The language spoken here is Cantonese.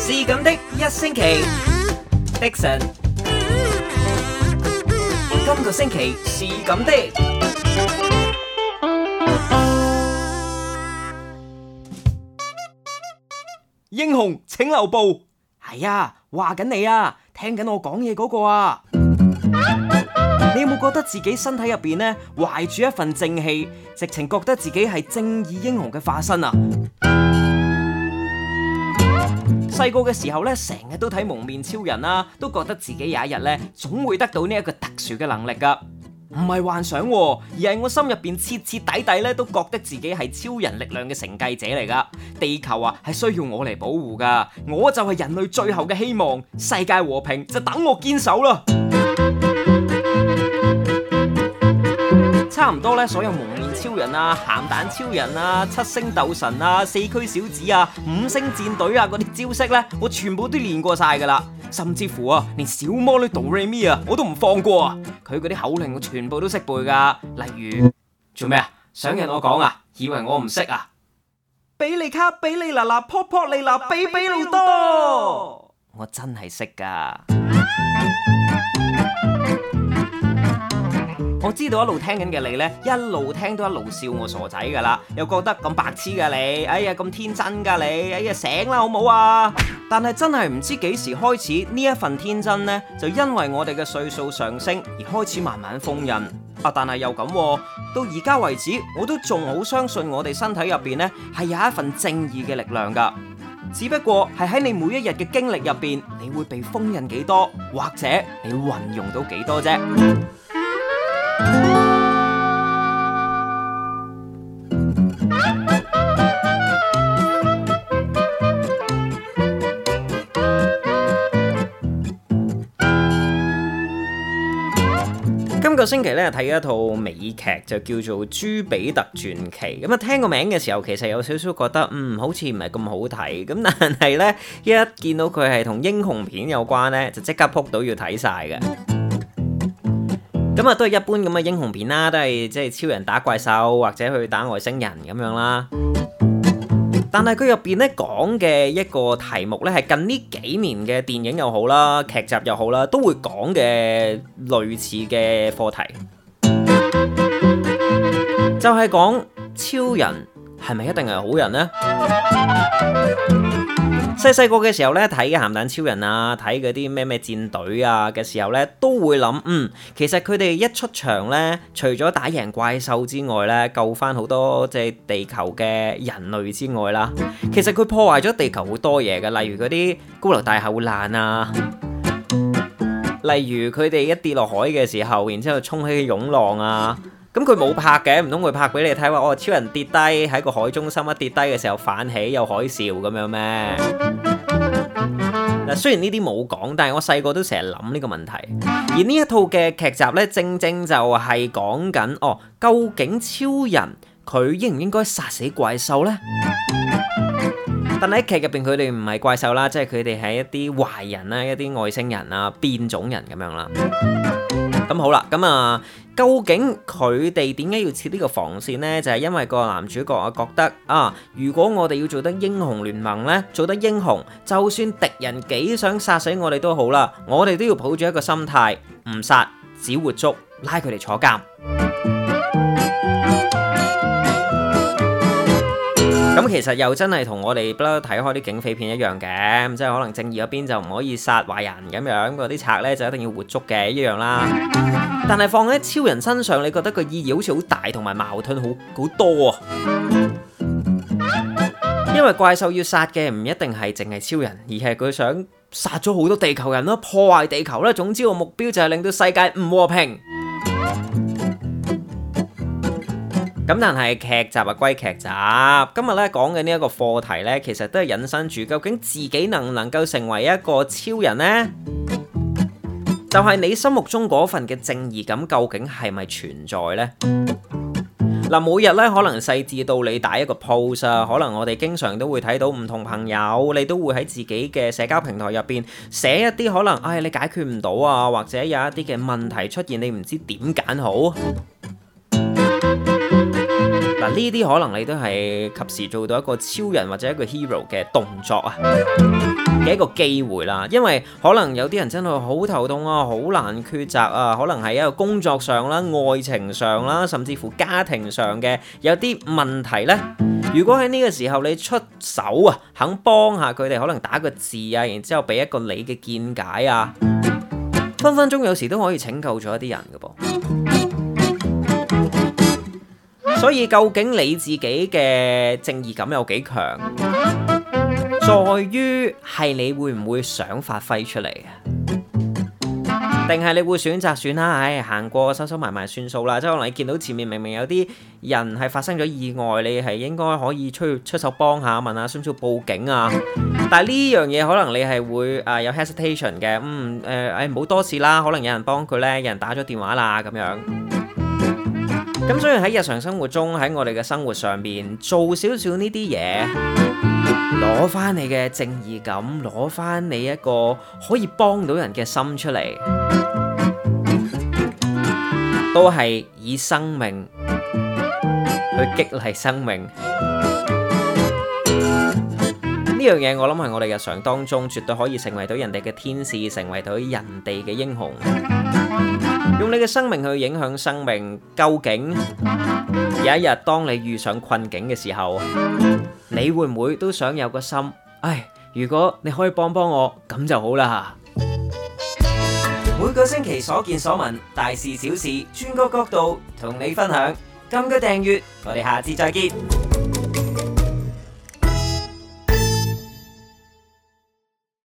是咁的，一星期，Dixon，今個星期是咁的，英雄請留步。係啊，話緊你啊，聽緊我講嘢嗰個啊，你有冇覺得自己身體入邊呢懷住一份正氣，直情覺得自己係正義英雄嘅化身啊？細個嘅時候咧，成日都睇蒙面超人啦，都覺得自己有一日咧，總會得到呢一個特殊嘅能力噶，唔係幻想，而係我心入邊徹徹底底咧，都覺得自己係超人力量嘅承繼者嚟噶。地球啊，係需要我嚟保護噶，我就係人類最後嘅希望，世界和平就等我堅守啦。差唔多咧，所有蒙面超人啊、鹹蛋超人啊、七星斗神啊、四驅小子啊、五星戰隊啊嗰啲招式咧，我全部都練過晒噶啦。甚至乎啊，連小魔女 DoReMi 啊，我都唔放過啊。佢嗰啲口令我全部都識背噶。例如做咩啊？想人我講啊？以為我唔識啊？比利卡比利啦啦潑潑利啦比比利多，我真係識噶。啊。我知道一路聽緊嘅你呢，一路聽都一路笑我傻仔噶啦，又覺得咁白痴噶你，哎呀咁天真噶你，哎呀醒啦好唔好啊？ 但係真係唔知幾時開始呢，一份天真呢，就因為我哋嘅歲數上升而開始慢慢封印。啊，但係又咁，啊，到而家為止，我都仲好相信我哋身體入邊呢係有一份正義嘅力量噶。只不過係喺你每一日嘅經歷入邊，你會被封印幾多，或者你運用到幾多啫。今個星期咧，睇一套美劇，就叫做《朱比特傳奇》。咁、嗯、啊，聽個名嘅時候，其實有少少覺得，嗯，好似唔係咁好睇。咁但係呢，一見到佢係同英雄片有關呢，就即刻撲到要睇晒嘅。咁啊、 嗯，都係一般咁嘅英雄片啦，都係即係超人打怪獸或者去打外星人咁樣啦。但係佢入邊咧講嘅一個題目咧，係近呢幾年嘅電影又好啦，劇集又好啦，都會講嘅類似嘅課題， 就係講超人係咪一定係好人呢？ 細細個嘅時候咧，睇嘅鹹蛋超人啊，睇嗰啲咩咩戰隊啊嘅時候咧，都會諗，嗯，其實佢哋一出場咧，除咗打贏怪獸之外咧，救翻好多即係地球嘅人類之外啦，其實佢破壞咗地球好多嘢嘅，例如嗰啲高樓大廈會爛啊，例如佢哋一跌落海嘅時候，然之後衝起嘅湧浪啊。咁佢冇拍嘅，唔通佢拍俾你睇話哦？超人跌低喺個海中心一跌低嘅時候反起有海嘯咁樣咩？嗱，雖然呢啲冇講，但係我細個都成日諗呢個問題。而呢一套嘅劇集呢，正正就係講緊哦，究竟超人佢應唔應該殺死怪獸呢？但係喺劇入邊佢哋唔係怪獸啦，即係佢哋係一啲壞人啊，一啲外星人啊、變種人咁樣啦。咁好啦，咁、嗯、啊，究竟佢哋點解要設呢個防線呢？就係、是、因為個男主角啊覺得啊，如果我哋要做得英雄聯盟呢，做得英雄，就算敵人幾想殺死我哋都好啦，我哋都要抱住一個心態，唔殺，只活捉，拉佢哋坐監。咁其實又真係同我哋不嬲睇開啲警匪片一樣嘅，咁即係可能正義嗰邊就唔可以殺壞人咁樣，嗰啲賊呢就一定要活捉嘅一樣啦。但係放喺超人身上，你覺得個意義好似好大，同埋矛盾好好多啊！因為怪獸要殺嘅唔一定係淨係超人，而係佢想殺咗好多地球人囉，破壞地球啦。總之個目標就係令到世界唔和平。咁但係劇集啊，歸劇集。今日咧，講嘅呢一個課題咧，其實都係引申住，究竟自己能唔能夠成為一個超人咧？就係你心目中嗰份嘅正義感，究竟係咪存在咧？嗱，每日咧可能細緻到你打一個 pose 啊，可能我哋經常都會睇到唔同朋友，你都會喺自己嘅社交平台入邊寫一啲可能，哎，你解決唔到啊，或者有一啲嘅問題出現，你唔知點揀好。嗱，呢啲可能你都係及時做到一個超人或者一個 hero 嘅動作啊嘅一個機會啦，因為可能有啲人真係好頭痛啊，好難抉擇啊，可能係一個工作上啦、愛情上啦，甚至乎家庭上嘅有啲問題呢。如果喺呢個時候你出手啊，肯幫下佢哋，可能打個字啊，然之後俾一個你嘅見解啊，分分鐘有時都可以拯救咗一啲人嘅噃。所以究竟你自己嘅正義感有幾強？在於係你會唔會想發揮出嚟啊？定係你會選擇算啦？唉、哎，行過收收埋埋算數啦。即係可能你見到前面明明有啲人係發生咗意外，你係應該可以出出手幫下，問下需唔需要報警啊？但係呢樣嘢可能你係會誒、呃、有 hesitation 嘅。嗯，誒、呃、誒，哎，唔好多事啦。可能有人幫佢咧，有人打咗電話啦，咁樣。咁所以喺日常生活中，喺我哋嘅生活上面做少少呢啲嘢，攞翻你嘅正義感，攞翻你一個可以幫到人嘅心出嚟，都係以生命去激勵生命。呢樣嘢我諗係我哋日常當中絕對可以成為到人哋嘅天使，成為到人哋嘅英雄。用你嘅生命去影響生命，究竟有一日當你遇上困境嘅時候，你會唔會都想有個心？唉，如果你可以幫幫我，咁就好啦。每個星期所見所聞，大事小事，專個角度同你分享。撳個訂閱，我哋下次再見。